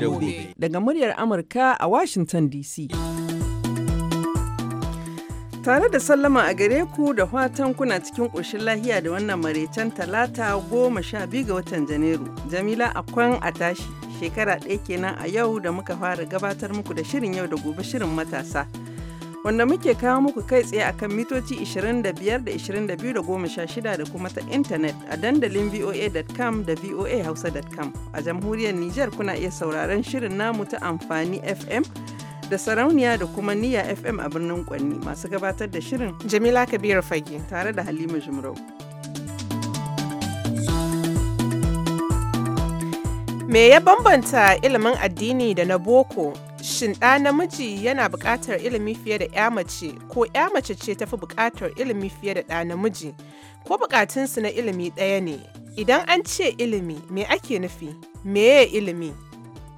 da gobe. Daga muryar Amurka a Washington DC. Tare da sallama a gare ku da fatan kuna cikin ƙoshin lahiya da wannan maraicen talata goma sha biyu ga watan Janairu. Jamila Akwan a tashi shekara ɗaya kenan a yau da muka fara gabatar muku da shirin yau da gobe shirin matasa. wanda muke kawo muku kai tsaye akan mitoci 25 da 22 da 16 da kuma ta intanet a dandalin voa.com da voahausa.com. A jamhuriyar Nijar kuna iya sauraron shirin namu ta amfani FM da sarauniya da kuma niya FM a birnin Kwanni masu gabatar da shirin Jamila Kabiru Fage tare da Halima Jumrau. Me ya bambanta ilimin addini da na boko Shin ɗa namiji yana buƙatar ilimi fiye da ‘ya mace ko ‘ya mace ce tafi buƙatar ilimi fiye da ɗa namiji ko buƙatunsu na ilimi ɗaya ne? Idan an ce ilimi, me ake nufi? Meye ilimi?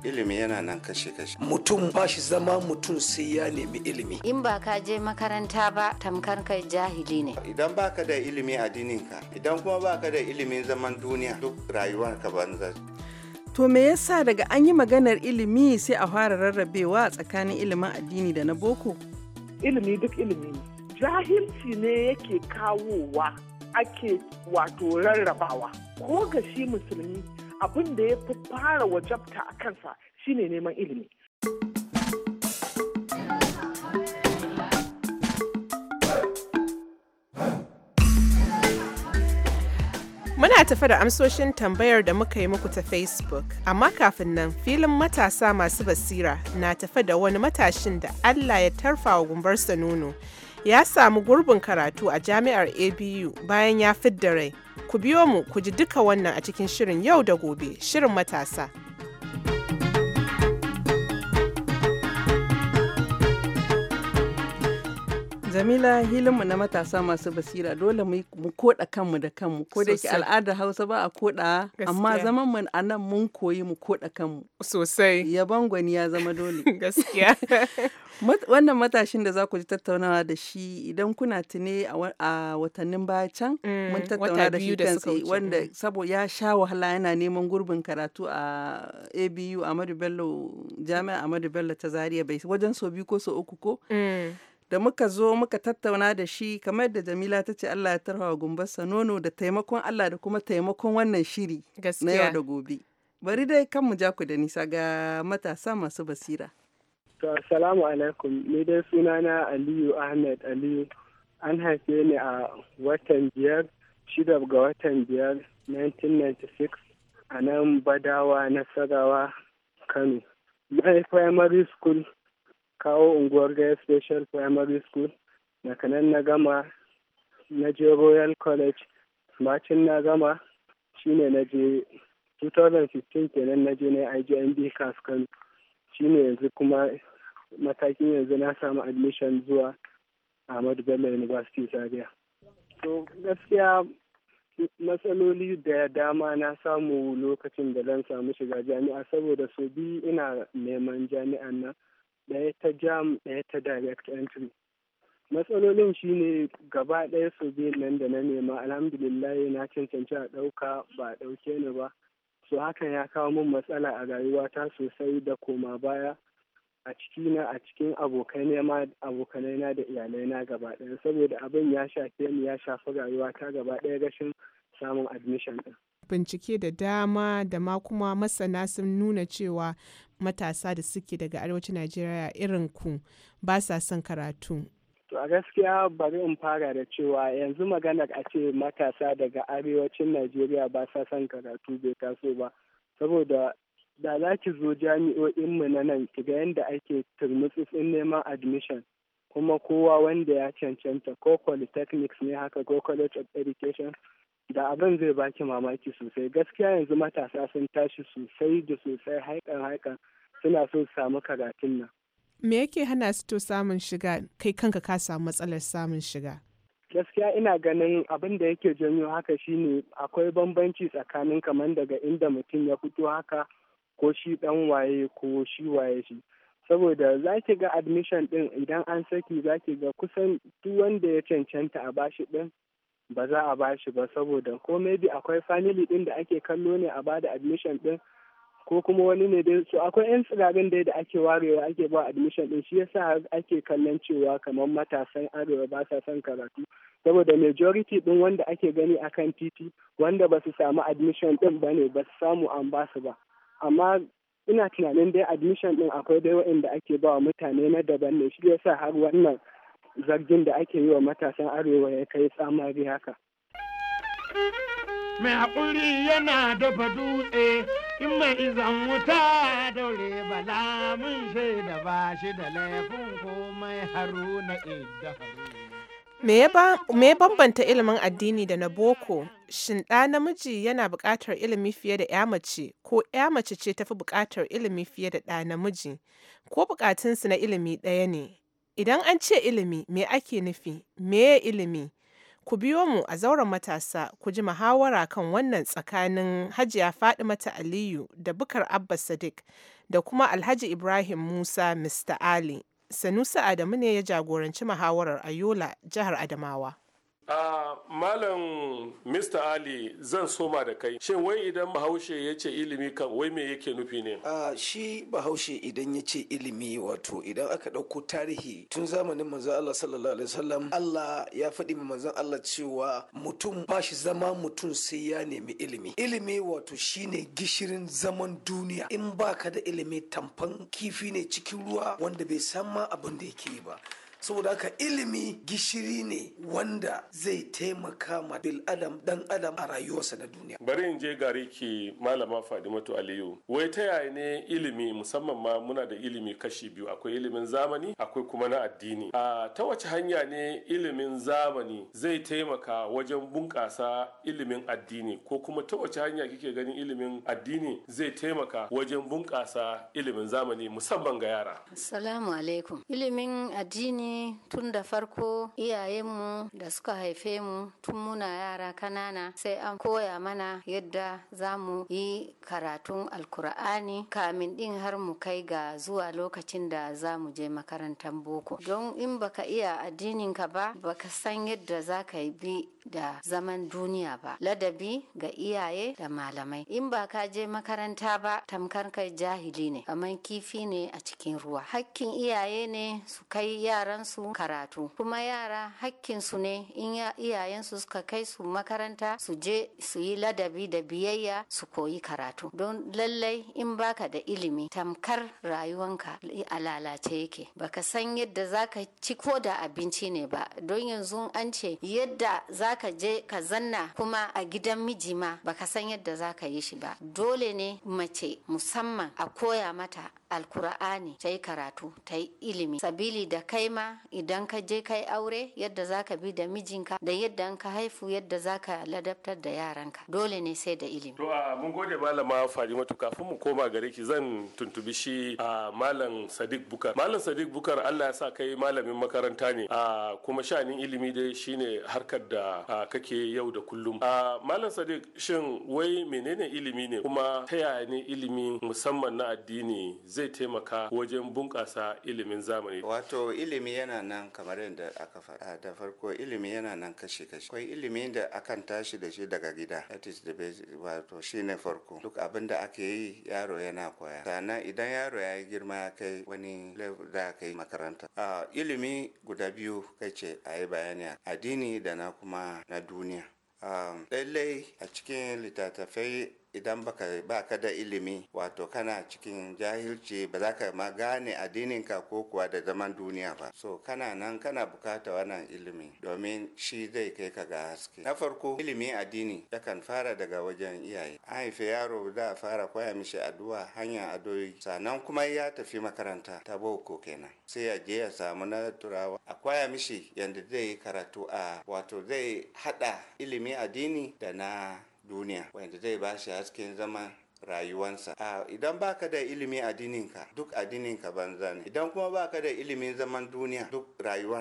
ilimi yana nan kashe-kashe. Mutum ba shi zama mutum sai ya nemi ilimi. In ba ka je makaranta ba tamkar kai jahili ne. Idan ba ka da ilimi addininka, idan kuma ba ka da ilimin zaman duniya duk rayuwarka banza. To me yasa daga an yi maganar ilimi sai a fara rarrabewa tsakanin ilimin addini da na boko? Ilimi duk ilimi ne. Jahilci ne yake kawowa ake wato rarrabawa. Ko ga shi musulmi abin da ya fi fara wajabta a kansa shine neman ilimi. Muna tafe da amsoshin tambayar da muka yi muku ta Facebook, amma kafin nan filin matasa masu basira na tafe da wani matashin da Allah ya tarfa wa gumbarsa nono. Ya samu gurbin karatu a jami'ar ABU bayan ya fidda rai. Ku biyo mu ku ji duka wannan a cikin shirin yau da gobe, shirin matasa. Jamila hilinmu na matasa masu basira dole mu koda kanmu da kanmu ko da ke al'ada Hausa ba a koda amma zaman mu a nan mun koyi mu koda kanmu. Sosai. Yaban gwani ya zama dole. Gaskiya. Wannan matashin da za ku ji tattaunawa da shi idan kuna tune a watannin baya can mm, mun tattauna da shi kansa wanda mm. saboda ya sha wahala yana neman gurbin karatu a ABU Amadu Bello Jami'a Amadu Bello ta Zaria bai wajen so biyu ko so uku ko. Mm. da muka zo muka tattauna da shi kamar da Jamila ta ce Allah ya tarhawa gumbarsa nono da taimakon Allah da kuma taimakon wannan shiri na yau da gobe. Bari dai kan mu ja ku da nisa ga matasa masu basira. To assalamu alaikum ni dai sunana Aliyu Ahmed Aliyu an haife ni a watan biyar shida ga watan biyar 1996 a nan Badawa Nasarawa Kano. Mai primary school kawo unguwar gaya special primary school na kanan na gama na je royal college bacin na gama shine na je 2015 kenan na je na IJMB kaskan shi shine yanzu kuma matakin yanzu na samu admission zuwa Ahmadu Bello University Zaria. To gaskiya matsaloli da dama na samu lokacin da zan samu shiga jami'a saboda so bi ina neman jami'an nan ɗaya ta jam ɗaya ta direct entry matsalolin shine gaba ɗaya su nan da na nema alhamdulillah na cancanci a ɗauka ba a ɗauke ni ba so hakan ya kawo min matsala a rayuwata sosai da koma baya a cikina a cikin abokai nema abokanai na da iyalai na gaba ɗaya saboda abin ya shafe ni ya shafi rayuwata gaba ɗaya rashin samun admission ɗin bincike da dama da ma kuma masana sun nuna cewa matasa da suke daga arewacin najeriya irin ku ba sa son karatu to a gaskiya bari in fara da cewa yanzu maganar a ce matasa daga arewacin najeriya ba sa son karatu bai taso ba saboda da za ki zo jami'o'inmu na nan ki ga yadda ake turmutsutsin neman admission kuma kowa wanda ya cancanta ko polytechnics ne haka ko college of education da abin zai baki mamaki sosai gaskiya yanzu matasa sun tashi sosai da sosai haikan haikan suna so su samu karatun nan me yake hana su to samun shiga kai kanka ka samu matsalar samun shiga gaskiya ina ganin abin da yake janyo haka shine akwai bambanci tsakanin kamar daga inda mutum ya fito haka ko shi dan waye ko shi waye shi saboda za ga admission din idan an saki za ga kusan duk wanda ya cancanta a bashi din ba za a ba shi ba saboda ko maybe akwai family din da ake kallo ne a bada admission din ko kuma wani ne dai So, akwai yan tsirarin dai da ake warewa ake ba admission din shi yasa ake kallon cewa kamar matasan arewa ba sa son karatu saboda majority din wanda ake gani akan titi wanda ba su samu admission din ba ne ba su samu an ba su ba amma ina tunanin dai admission din akwai dai da ake ba wa mutane na daban ne shi yasa har wannan zargin da ake yi wa matasan arewa ya kai tsamari haka. Mai haƙuri yana dafa dutse in mai izan wuta daure bala mun shaida ba shi da laifin komai haruna idda Me ya bambanta ilimin addini da na boko? Shin ɗa namiji yana buƙatar ilimi fiye da 'ya mace ko 'ya mace ce tafi buƙatar ilimi fiye da ɗa namiji? Ko buƙatunsu na ilimi ɗaya ne? Idan an ce ilimi me ake nufi, me ilimi? Ku biyo mu a zauren matasa ku ji muhawara kan wannan tsakanin Hajiya Mata Aliyu da Bukar Abba Sadiq da kuma Alhaji Ibrahim Musa Mr Ali. sanusa Adamu ne ya jagoranci muhawarar Ayola Jihar Adamawa. a malam mr ali zan soma da kai shin wai idan bahaushe ya ce ilimi kan wai me yake nufi ne a shi bahaushe idan ya ce ilimi wato idan aka ɗauko tarihi tun zamanin manzon allah sallallahu alaihi wasallam allah ya faɗi ma manzon allah cewa mutum ba shi zama mutum sai ya nemi ilimi ilimi wato shine gishirin zaman duniya in baka da ilimi tamfan kifi ne cikin ruwa wanda bai san ma abin da yake ba saboda haka ilimi gishiri ne wanda zai taimaka ma bil adam dan adam a rayuwarsa na duniya bari in je gare ki malama fadimatu aliyu wai ta yaya ne ilimi musamman ma muna da ilimi kashi biyu akwai ilimin zamani akwai kuma na addini a ta wace hanya ne ilimin zamani zai taimaka wajen bunƙasa ilimin addini ko kuma ta wace hanya kike ganin ilimin addini zai taimaka wajen bunƙasa ilimin zamani musamman ga yara assalamu alaikum ilimin addini Ni tun da farko iyayenmu da suka haife mu tun muna yara kanana sai an koya mana yadda za mu yi karatun alkur'ani kamin din har mu kai ga zuwa lokacin da za mu je makarantar boko don in baka iya addininka ba baka san yadda za ka bi da zaman duniya ba ladabi ga iyaye da malamai in ba ka je makaranta ba tamkar kai jahili ne kamar kifi ne a cikin ruwa hakkin iyaye ne su kai yaran ‘ya'yansu karatu kuma yara hakkin su ne in iyayensu suka kai su makaranta su je su yi ladabi da biyayya su koyi karatu don lallai in baka da ilimi tamkar rayuwanka a lalace yake baka san yadda zaka ci ko da abinci ne ba don yanzu an ce yadda zaka je ka zanna kuma a gidan miji ma baka san yadda zaka yi shi ba dole ne mace musamman a koya mata alkur'ani ta yi karatu ta yi ilimi sabili da kai ma idan ka je kai aure yadda zaka bi da mijinka da yadda ka haifu yadda za ka ladabtar da yaranka dole ne sai da ilimi to a mun gode malama Farimatu kafin mu koma gare ki zan tuntubi shi a malam Sadiq Bukar malam Sadiq Bukar Allah ya sa kai malamin makaranta ne a kuma shanin ilimi dai shine harkar da kake yau da kullum a malam Sadiq shin wai menene ilimi ne kuma ta yaya ne ilimi musamman na addini zai zai taimaka wajen bunƙasa ilimin zamani wato ilimi yana nan kamar yadda aka faɗa da farko ilimi yana nan kashe kashe akwai ilimi da akan tashi da shi daga gida that is the basic wato shine farko duk abin da ake yi yaro yana koya sannan idan yaro ya yi girma ya kai wani level da aka yi makaranta ilimi guda biyu ce a yi bayani addini da na kuma na duniya lallai a cikin littattafai idan baka baka da ilimi wato kana cikin jahilci ba za ka ma gane addininka ko kuwa da zaman duniya ba so kana nan kana bukata wannan ilimi domin shi zai kai ka ga haske na farko ilimi addini yakan fara daga wajen iyaye an haife yaro za a fara koya mishi addu'a hanya adoyi sannan kuma ya tafi makaranta ta boko kenan sai ya je ya samu na turawa a koya mishi yadda zai karatu a wato zai hada ilimi addini da na duniya wanda zai ba shi hasken zama rayuwansa a idan baka da ilimi ka duk ka banza ne idan kuma baka da ilimin zaman duniya duk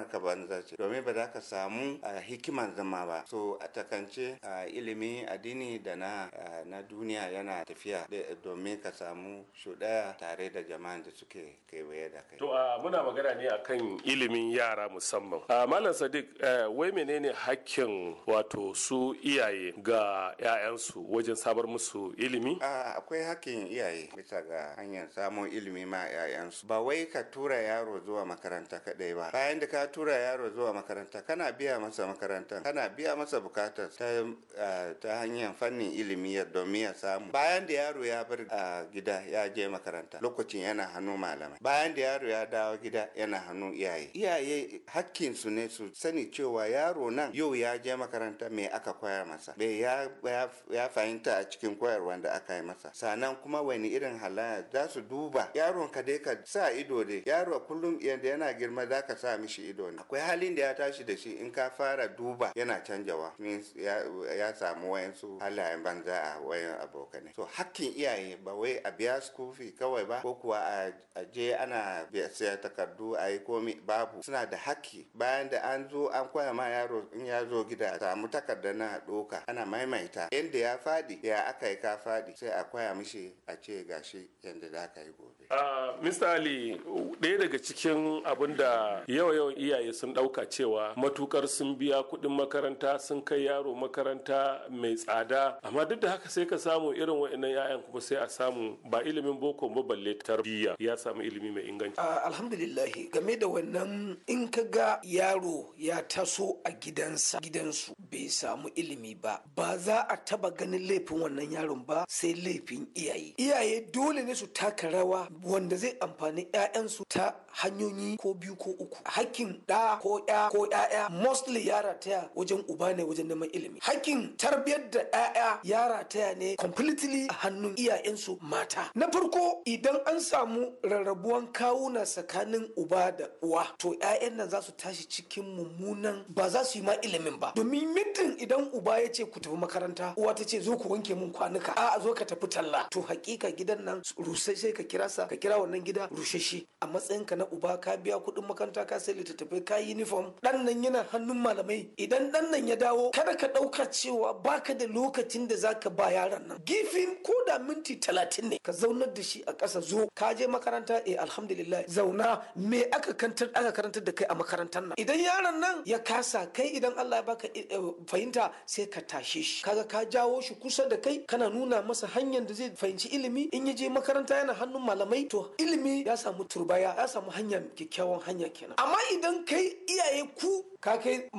ka banza ce domin ba za ka samu hikiman zama ba so a takance ilimi addini da na na duniya yana tafiya domin ka samu shuɗaya tare da jama'an da suke kewaye da kai to muna magana ne akan ilimin yara musamman malam sadiq wai menene hakkin wato su iyaye ga 'ya'yansu wajen sabar musu ilimi akwai hakkin iyaye bisa ga hanyar samun ilimi ma 'ya'yansu ba wai ka tura yaro zuwa makaranta kadai ba bayan da ka tura yaro zuwa makaranta kana biya masa makarantar kana biya masa bukatar ta, hanyar fannin ilimi ya domin ya samu bayan da yaro ya bar gida ya je makaranta lokacin yana hannu malamai bayan da yaro ya dawo gida yana hannu iyaye iyaye hakkin su ne su sani cewa yaro nan yau ya je makaranta me aka koya masa me ya fahimta a cikin koyarwa da aka yi masa masa sannan kuma wani irin halaya za su duba yaron ka dai ka sa ido dai yaro kullum yadda yana girma za ka sa mishi ido ne akwai halin da ya tashi da shi in ka fara duba yana canjawa means ya samu wayansu halayen banza a wayan abokane so hakkin iyaye ba wai a biya school fee kawai ba ko kuwa a je ana siya takardu a yi komi babu suna da hakki bayan da an zo an koya ma yaro in ya zo gida samu takarda na doka ana maimaita yadda ya fadi ya aka yi ka fadi sai a a koya mishi a ce gashi yadda za ka yi gobe Ah, Misali, Mr. ɗaya daga cikin abin da yawa-yawan iyaye sun ɗauka cewa matukar sun biya kuɗin makaranta sun kai yaro makaranta mai tsada amma duk da haka sai ka samu irin wa'annan 'ya'yan kuma sai a samu ba ilimin boko ba balle tarbiyya ya samu ilimi mai inganci. Ah, alhamdulillahi game da wannan in ka ga yaro ya taso a gidansa gidansu bai samu ilimi ba ba za a taba ganin laifin wannan yaron ba sai laifin iyaye iyaye dole ne su taka rawa wanda zai amfani 'ya'yansu ta hanyoyi ko biyu ko uku hakkin ɗa ko ya ko ya'ya mostly ya rataya wajen uba ne wajen neman ilimi hakkin tarbiyyar da ya'ya ya rataya ne completely a hannun iyayensu mata na farko idan an samu rarrabuwan kawuna tsakanin uba da uwa to 'ya'yan nan za su tashi cikin mummunan ba za su yi ma ilimin ba domin middin idan uba ya ce ku tafi makaranta uwa ta ce zo ku wanke min kwanuka a zo ka tafi talla to hakika gidan nan rusasshe ka kira sa ka kira wannan gida shi. a matsayin na uba ka biya kuɗin makaranta ka sai littattafai ka yi uniform ɗan nan yana hannun malamai idan ɗan nan ya dawo kada ka ɗauka cewa baka da lokacin da zaka ba yaran nan gifin ko da minti talatin ne ka zaunar da shi a ƙasa zo ka je makaranta eh alhamdulillah zauna me aka kantar aka karantar da kai a makarantar nan idan yaron nan ya kasa kai idan Allah ya baka eh, eh, fahimta sai ka tashe shi kaga ka jawo shi kusa da kai kana nuna masa hanyar da zai fahimci ilimi in ya je makaranta yana hannun malamai to ilimi ya samu turbaya ya samu hanya kyakkyawan hanya kenan amma idan kai iyaye ku ka kai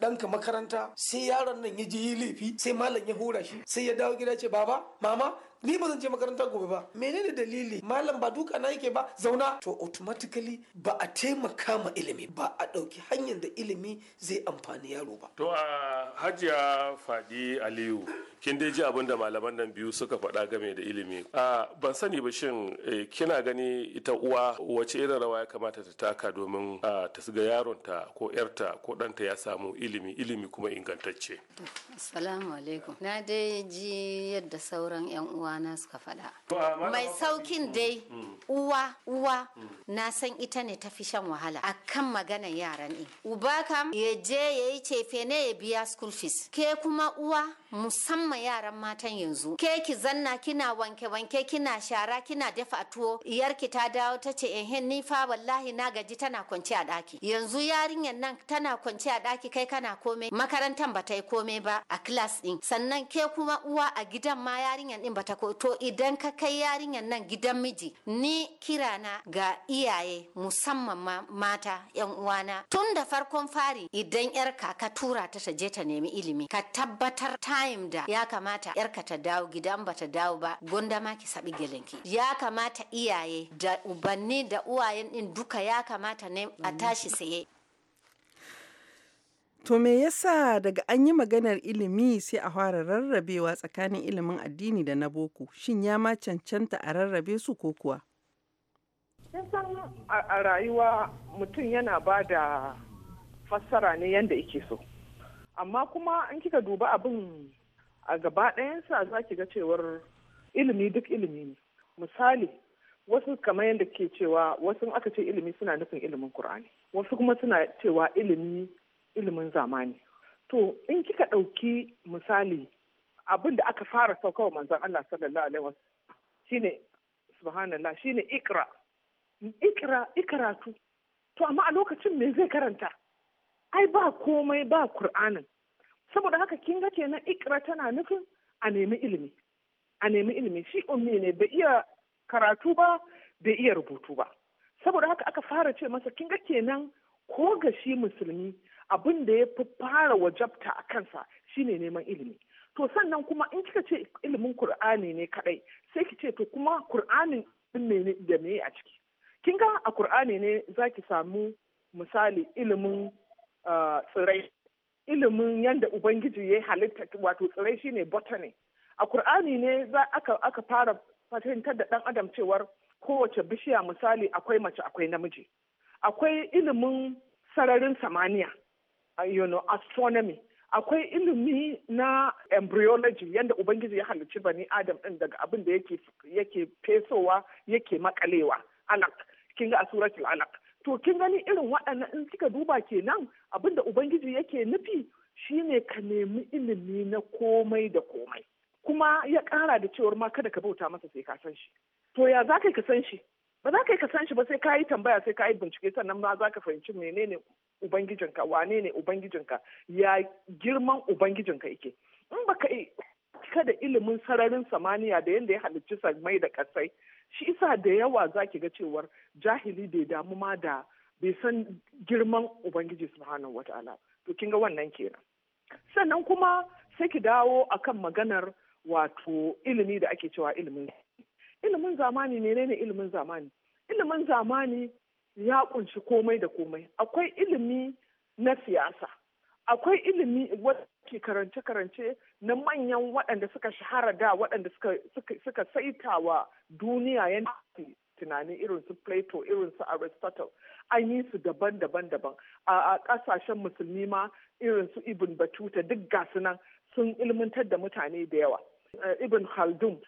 ɗanka makaranta sai yaron nan ya je yi laifi sai malam ya hura shi sai ya dawo gida ce baba mama ni ba zan je makaranta gobe ba menene dalili malam ba duka na yake ba zauna to automatically ba a taimaka ma ilimi ba a ɗauki hanyar da ilimi zai amfani yaro ba to a hajiya fadi aliyu kin dai ji abin da malaman nan biyu suka faɗa game da ilimi a ban sani ba shin eh, kina gani ita uwa wace irin rawa ya kamata ta taka domin ta yaron yaronta ko yarta ko ɗanta ya samu ilimi ilimi kuma ingantacce assalamu alaikum na dai ji yadda sauran yan uwa na suka faɗa. Mai saukin dai mm. Mm. uwa uwa mm. na san ita ne ta fi shan wahala A kan maganan yaran in. Uba kam ya je ya yi cefe ne ya biya school fees. Ke kuma uwa musamman yaran matan yanzu ke ki zanna kina wanke wanke kina shara kina dafa a tuwo iyarki ta dawo ta ce ehen ni fa wallahi na gaji tana kwance a daki yanzu yarinyar nan tana kwance a daki kai kana komai makarantar ba ta yi komai ba a class din sannan ke kuma uwa a gidan ma yarinyar din ba ta ko to idan ka kai yarinyar nan gidan miji ni kirana ga iyaye musamman ma mata yan uwana tun da farkon fari idan yarka ka tura ta ta je ta nemi ilimi ka tabbatar ta time da ya kamata yarka ta dawo gidan ba ta dawo ba gonda ma ki sabi gelenki ya kamata iyaye da ubanni da uwayen din duka ya kamata ne a tashi saye To me yasa daga an yi maganar ilimi sai a fara rarrabewa tsakanin ilimin addini da na boko shin ya ma cancanta a rarrabe su ko kuwa? san a rayuwa mutum yana ba da fassara ne yadda yake so. amma kuma in kika duba abin a gaba ɗayansa za ki ga cewar ilimi duk ilimi ne misali wasu kamar yadda ke cewa wasu aka ce ilimi suna nufin ilimin kur'ani wasu kuma suna cewa ilimi ilimin zamani to in kika ɗauki misali abin da aka fara saukawa manzon Allah sallallahu alaihi wasallam shine subhanallah shine ikra ikra ikratu to amma a lokacin me zai karanta ai ba komai ba kur'anin saboda haka kin ga kenan ikra tana nufin a nemi ilimi a nemi ilimi shi ummi ne bai iya karatu ba bai iya rubutu ba saboda haka aka fara ce masa kin ga kenan ko ga shi musulmi abin da ya fi fara wajabta a kansa shine neman ilimi to sannan kuma in kika ce ilimin kur'ani ne kadai sai ki ce to kuma kur'anin ne da me a ciki kin ga a kur'ani ne zaki samu misali ilimin tsirai ilimin yadda ubangiji ya halitta wato tsirai shine botany a kur'ani ne za aka fara fahimtar da dan adam cewar kowace bishiya misali akwai mace akwai namiji akwai ilimin sararin samaniya uh, you know astronomy akwai ilimi na embryology yadda ubangiji ya halicci bani adam din daga abin da yake fesowa yake makalewa alak kin ga a suratul alak to kin gani irin waɗannan in kika duba kenan abinda ubangiji yake nufi shine ka nemi ilimi na komai da komai kuma ya ƙara da cewar ma kada ka bauta masa sai ka san shi to ya za ka san shi ba za ka yi ka san shi ba sai ka yi tambaya sai ka yi bincike sannan ma za ka fahimci menene ubangijinka wane ne ubangijinka ya girman ubangijinka yake in baka kada ilimin sararin samaniya da yadda ya halicci samai da kasai shi isa da yawa za ki ga cewar jahili bai damu ma da bai san girman ubangiji subhanahu wata'ala to kin ga wannan kenan sannan kuma sai ki dawo akan maganar wato ilimi da ake cewa ilimin ilimin zamani ne ne ilimin zamani ilimin zamani ya kunshi komai da komai akwai ilimi na siyasa akwai ilimi wanda ke karance-karance na manyan waɗanda suka shahara da waɗanda suka saita wa duniya yadda tunanin irin su plato irin su aristotle an yi su daban-daban daban a ƙasashen musulmi ma irin su ibn batuta duk gasu nan sun ilmantar da mutane da yawa eh, ibn khaldun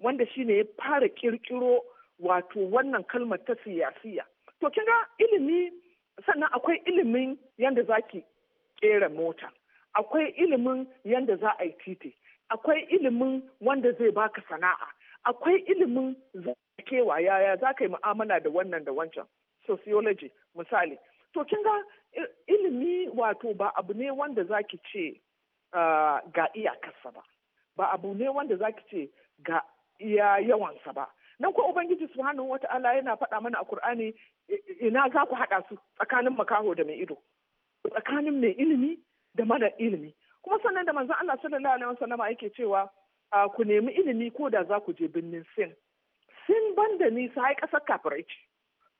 wanda shine ya fara kirkiro wato wannan kalmar ta siyasiya to kin ilimi sannan akwai ilimin yadda zaki kera mota akwai ilimin yadda za a yi titi akwai ilimin wanda zai baka sana'a akwai ilimin zakewa yaya za ka yi mu'amala da wannan da wancan sociology misali to kin ga ilimi wato ba abu ne wanda za ki ce ah, ga iyakarsa ba ba abu ne wanda za ki ce ga iya yawansa ba nan ko ubangiji subhanahu wata'ala yana faɗa mana a kur'ani ina za ku haɗa su tsakanin makaho da mai ido tsakanin mai ilimi da mara ilimi kuma sannan da manzon Allah sallallahu alaihi wasallam yake cewa ku nemi ilimi ko da za ku je birnin Sin Sin ban da nisa ai kasar kafirai ce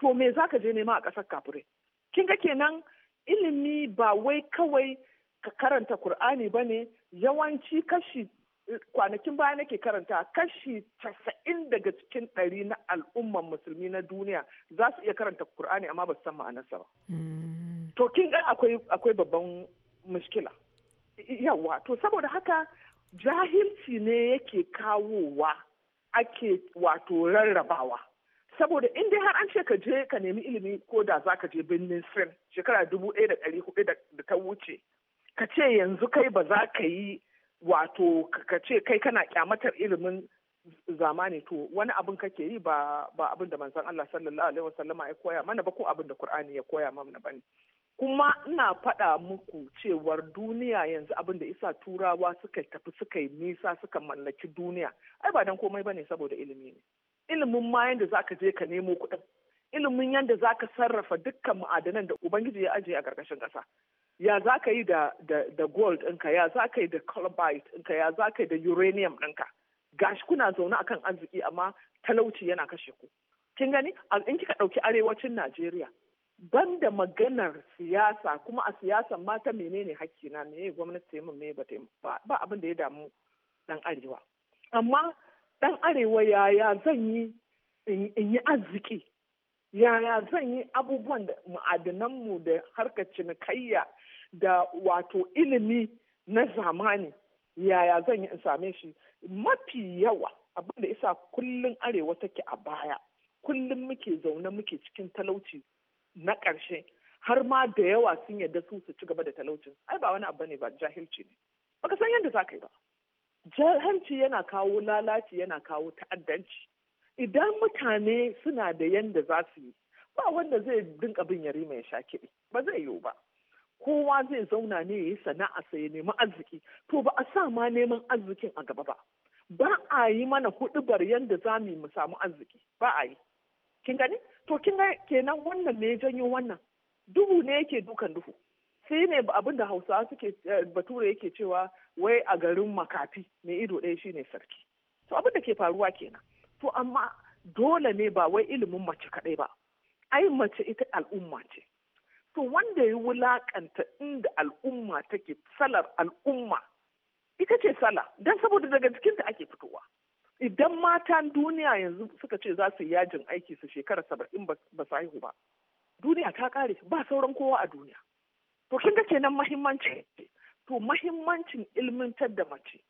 to me za ka je nema a kasar kafirai kin ga kenan ilimi ba wai kawai ka karanta Kur'ani ba ne yawanci kashi kwanakin baya nake karanta kashi casa'in daga cikin ɗari na al'umman musulmi na duniya za su iya karanta Kur'ani amma ba su san ma'anarsa ba. Hmm. to kin ga akwai babban mushkila yawa to saboda haka jahilci ne yake kawowa ake wato rarrabawa saboda in dai har an ce ka je ka nemi ilimi ko da za ka je birnin sin shekara dubu ɗaya da ɗari hudu da ta wuce ka ce yanzu kai ba za ka yi wato ka ce kai kana kyamatar ilimin zamani to wani abin kake yi ba ba abin da manzon Allah sallallahu alaihi wasallama ya koya mana ba ko abin da Qur'ani ya koya mana bane kuma ina faɗa muku cewar duniya yanzu abin da isa turawa suka tafi suka yi nisa suka mallaki duniya ai ba dan komai bane saboda ilimi ne ilimin ma yanda zaka je ka nemo kuɗin ilimin yanda zaka sarrafa dukkan ma'adanan da ubangiji ya ajiye a ƙarƙashin ƙasa ya za yi da, da, gold ɗinka ya za yi da cobalt ɗinka ya za yi da uranium ɗinka gashi kuna zaune akan arziki amma talauci yana kashe ku kin gani in kika ɗauki arewacin najeriya banda maganar siyasa kuma a siyasa mata menene na, me gwamnati ta yi me ba ta ba abin da ya damu dan arewa amma dan arewa yaya zan yi in yi arziki yaya zan yi abubuwan da ma'adananmu da harkar cinikayya da wato ilimi na zamani yaya zan yi in same shi mafi yawa abin da isa kullum arewa take a baya kullum muke zaune muke cikin talauci na ƙarshe har ma da yawa sun yarda su su ci gaba da talaucin ai ba wani abu ne ba jahilci ne baka san yadda za ka yi ba jahilci yana kawo lalaci yana kawo ta'addanci idan mutane suna da yadda za su yi ba wanda zai dinka bin yari mai sha kiɗi ba zai yiwu ba kowa zai zauna ne ya yi sana'a sai ya nemi arziki to ba a sa ma neman arzikin a gaba ba ba a yi mana huɗubar yadda za mu samu arziki ba a yi kin gani to kenan wannan ne janyo wannan duhu ne yake dukan duhu sai ne abin da hausawa suke eh, bature yake cewa wai a garin makafi mai ido ɗaya shine sarki to abin da ke faruwa kenan to amma dole ne ba wai ilimin mace kaɗai ba ai mace ita al'umma ce to wanda ya wulaƙanta inda al'umma take salar al'umma ita ce sala don saboda daga cikinta ake fitowa idan matan duniya yanzu suka ce za su yi yajin aiki su shekara saba'in ba su haihu ba duniya ta kare ba sauran kowa a duniya to kin ga kenan mahimmanci to mahimmancin ilmantar da mace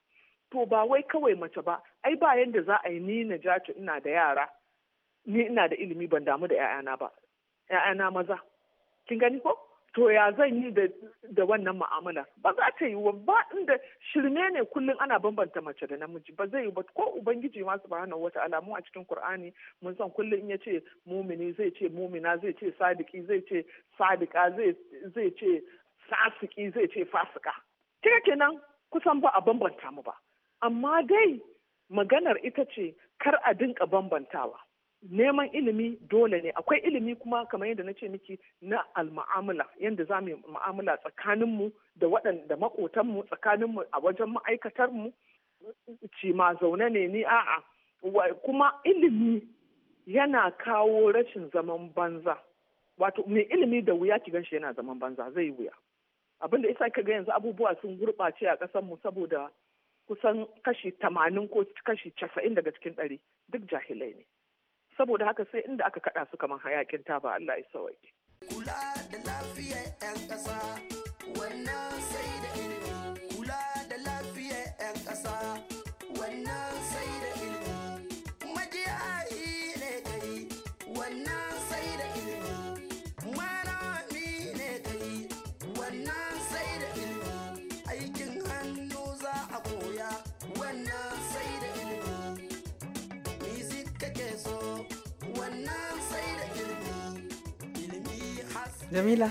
to ba wai kawai mace ba ai ba yanda za a yi ni na jaci ina da yara ni ina da ilimi ban damu da 'ya'yana ba 'ya'yana maza kin gani ko to ya zan yi da wannan ma'amala ba za ta yi wa ba inda shirme ne kullum ana bambanta mace da namiji ba zai yi ba ko ubangiji ma subhanahu wata alamu a cikin Kur'ani mun san kullum in ya ce mumini zai ce mumina zai ce sadiki zai ce sadika zai ce sasiki, zai ce fasika kika kenan kusan ba a bambanta mu ba amma dai maganar ita ce kar a dinka bambantawa neman ilimi dole ne akwai ilimi kuma kamar yadda na ce miki na almu'amala yadda za mu mu'amala tsakaninmu da waɗanda makotanmu tsakaninmu a wajen ma'aikatarmu ci ma zaune ne ni a'a kuma ilimi yana kawo rashin zaman banza wato mai ilimi da wuya ki ganshi yana zaman banza zai wuya abin da isa ga yanzu abubuwa sun gurɓace a ƙasar mu saboda kusan kashi tamanin ko kashi casa'in daga cikin ɗari duk jahilai ne saboda haka sai inda aka kada su kamar hayakin taba Allah ya sauke kula da lafiyar 'yan ƙasa wannan sai da ilimi kula da lafiyar 'yan ƙasa Jamila,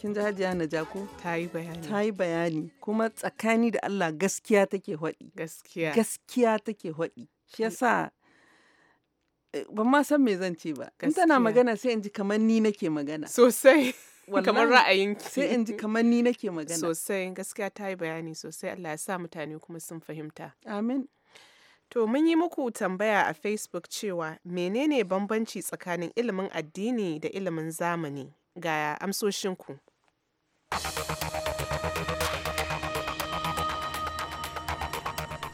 kin ji Hajiya na ko? Ta yi bayani. Ta yi bayani, kuma tsakani da Allah gaskiya take haɗi. Gaskiya. Gaskiya take hwaɗi Shi yasa eh, ban ma san me zan ce ba. In tana magana sai in ji kamar ni nake magana. Sosai. kamar ra'ayinki sai in ji kamar ni nake magana sosai gaskiya ta yi bayani sosai Allah ya sa mutane kuma sun fahimta amin To mun yi muku tambaya a Facebook cewa menene bambanci tsakanin ilimin addini da ilimin zamani? ga amsoshinku.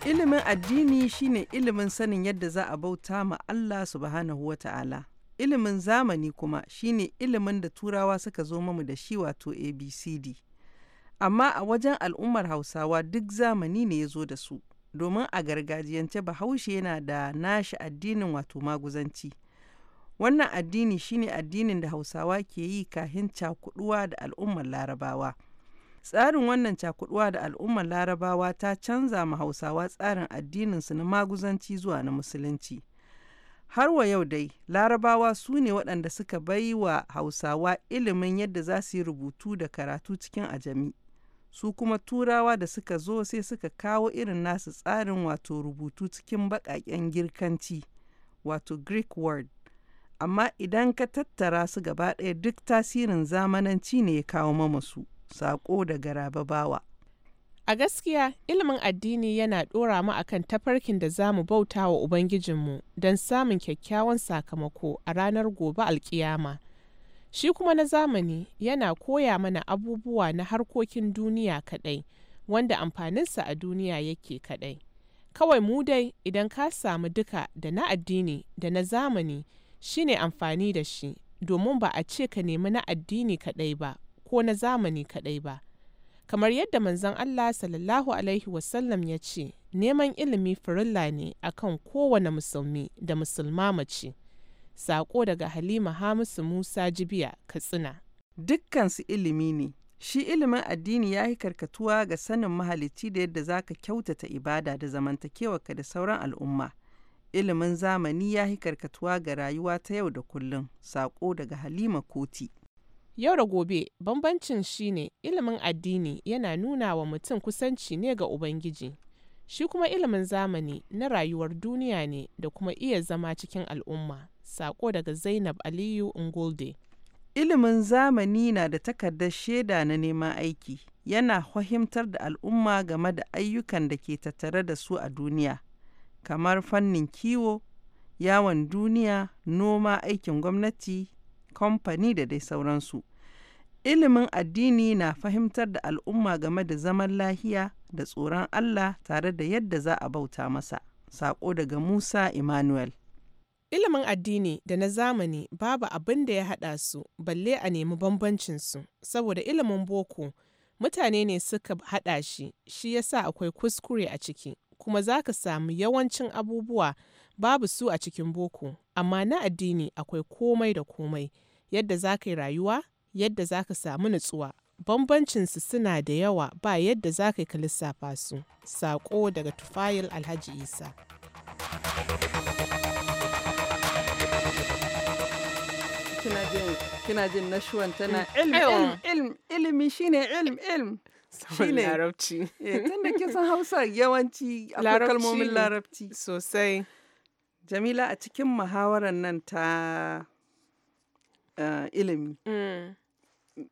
Ilimin addini shine ilimin sanin yadda za a bauta ma Allah subhanahu wa ta'ala. Ilimin zamani kuma shine ilimin da turawa suka zo mamu da shi wato ABCD. Amma a wajen al'ummar Hausawa duk zamani ne ya zo da su, domin a gargajiyance Bahaushe yana da nashi addinin wato maguzanci. Wannan addini shine addinin da Hausawa ke yi kahin cakuɗuwa da al'ummar Larabawa. Tsarin wannan cakuɗuwa da al'ummar Larabawa ta canza ma Hausawa tsarin addininsu na maguzanci zuwa na Musulunci. Har wa yau dai, Larabawa su ne waɗanda suka bai wa Hausawa ilimin yadda za su yi rubutu da karatu cikin ajami. Su kuma Turawa da suka zo sai suka kawo irin nasu tsarin wato rubutu cikin baƙaƙen Girkanci, wato Greek word. amma idan ka tattara su gaba ɗaya duk tasirin zamananci ne ya kawo mama su saƙo daga rababawa. A gaskiya ilimin addini yana ɗora mu akan tafarkin da za mu bauta wa Ubangijinmu don samun kyakkyawan sakamako a ranar gobe alkiyama. Shi kuma na zamani yana koya mana abubuwa na harkokin duniya kaɗai, wanda amfaninsa a duniya yake kaɗai. Kawai mu dai idan ka samu duka da na addini da na zamani shi ne amfani da shi domin ba a ce ka nemi na addini kaɗai ba ko na zamani kaɗai ba kamar yadda manzon Allah sallallahu alaihi wasallam ya ce neman ilimi farilla ne akan kowane musulmi da musulma mace saƙo daga halima hamisu musa jibiya katsina dukkansu ilimi ne shi ilimin addini ya yi karkatuwa ga sanin mahalicci da yadda za ka kyautata ibada da zamantakewarka da sauran al'umma ilimin zamani ya yi karkatuwa ga rayuwa ta yau da kullum sako daga halima koti yau da gobe bambancin shine ilimin addini yana nuna wa mutum kusanci ne ga ubangiji shi kuma ilimin zamani na rayuwar duniya ne da kuma iya zama cikin al'umma sako daga zainab aliyu ngolde ilimin zamani na da takardar shaida na neman aiki yana fahimtar da al'umma game da ayyukan da ke tattare da su a duniya kamar fannin kiwo, yawon duniya, noma, aikin gwamnati, kamfani da dai sauransu. Ilimin addini na fahimtar da al'umma game da zaman lahiya da tsoron Allah tare da yadda za a bauta masa. Sako daga Musa Emmanuel. Ilimin addini da na zamani babu abin da ya haɗa su balle a nemi bambancinsu, saboda ilimin boko mutane ne suka haɗa shi, shi yasa akwai kuskure a ciki. kuma za ka samu yawancin abubuwa babu su a cikin boko amma na addini akwai komai da komai yadda za ka yi rayuwa yadda za ka samu nutsuwa bambancinsu suna da yawa ba yadda za ka yi lissafa su saƙo daga tufayil alhaji isa kina jin nashuwan tana mm. ilm ilm ilimi shine ilm ilm saman larabci eh, tun da kisan hausa yawanci akwai kalmomin larabci sosai jamila a cikin muhawarar nan ta uh, ilimi mm.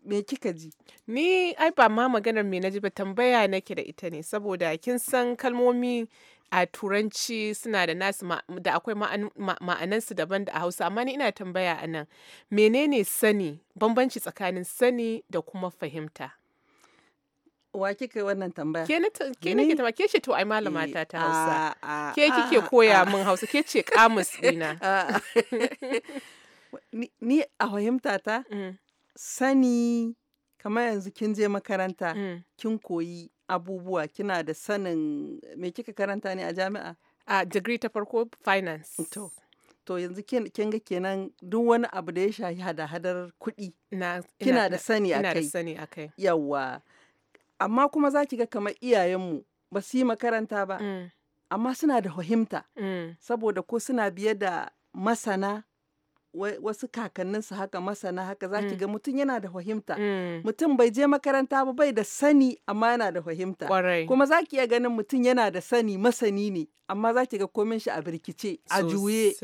me kika ji ni ai ba ma maganar me naji ba tambaya nake da ita ne saboda kin san kalmomi a turanci suna da nasu da akwai ma'anansu daban da a hausa amma ni ina tambaya a nan menene sani bambanci tsakanin sani da kuma fahimta wa kika wannan tambaya ke nake tambaya ke ce to ai malama ta ta hausa ke kike koya min hausa ke ce kamus dina ni a fahimta ta mm. sani kamar yanzu kin je makaranta mm. kin koyi abubuwa kina da sanin me kika karanta ne a jami'a a degree ta farko finance to to yanzu kin ga kenan duk wani abu da ya shafi hada-hadar kuɗi kina da sani a kai yawa amma kuma za ki ga kamar iyayenmu ba su yi makaranta ba mm. amma suna da fahimta mm. saboda ko suna biye da masana wasu kakanninsu haka masana haka za ki mm. ga mutum yana da fahimta mutum bai je makaranta ba bai da sani amma yana da fahimta kuma za ki iya ganin mutum yana da sani masani ne amma za ki ga komin shi a birkice a juye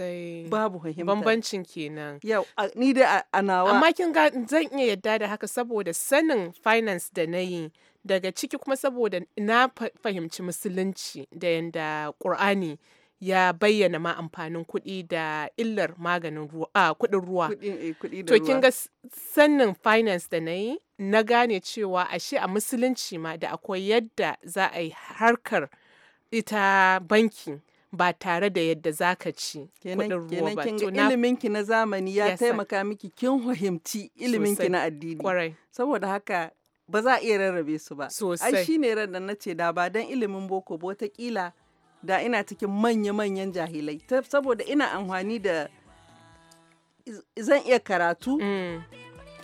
babu fahimta bambancin kenan yau ni da a nawa amma kin ga zan iya yadda da haka saboda sanin finance da na yi daga ciki kuma saboda na fahimci musulunci da yadda ƙur'ani ya bayyana ma amfanin kuɗi da illar maganin ruwa a kuɗin ruwa eh, to kin ga sannin finance da na yi na gane cewa ashe a musulunci ma da akwai yadda za a yi harkar ita banki ba tare da yadda za ka ci kuɗin ruwa ba. Kenan iliminki na zamani ya taimaka miki kin fahimci iliminki na addini. Saboda haka ba za a iya rarrabe su ba sosai ai shine ran da ce da ba don ilimin boko ba watakila da ina cikin manya-manyan jahilai saboda ina amfani da zan iya karatu mm.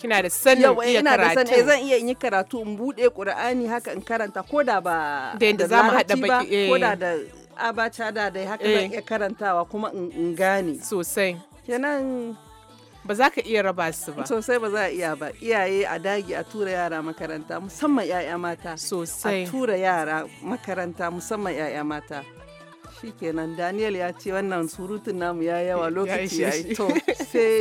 kina da sanin iya karatu ina da eh, zan iya yi karatu in buɗe qur'ani haka in karanta ko da ba da za mu haɗa baki ko da eh. da abaca da dai haka zan eh. iya karantawa kuma in gane sosai kenan ba za ka iya raba su ba sosai ba za a iya ba iyaye a dagi a tura yara makaranta musamman 'ya'ya mata sosai a tura yara makaranta musamman 'ya'ya mata shikenan daniel ya ce wannan surutun namu ya yawa lokaci ya yi to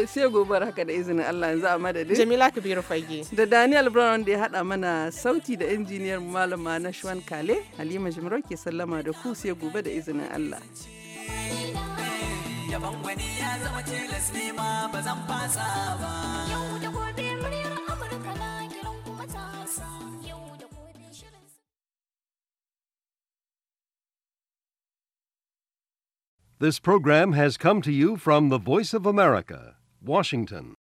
sai gobar haka da izinin allah yanzu a madadin jamila kabiru fage da daniel brown da ya haɗa mana sauti da injiniyar malama na shwan kale halima jimiro ke sallama da ku sai gobe da izinin allah wani ya zama tilas ne ma ba zan fasa ba This program has come to you from the Voice of America, Washington.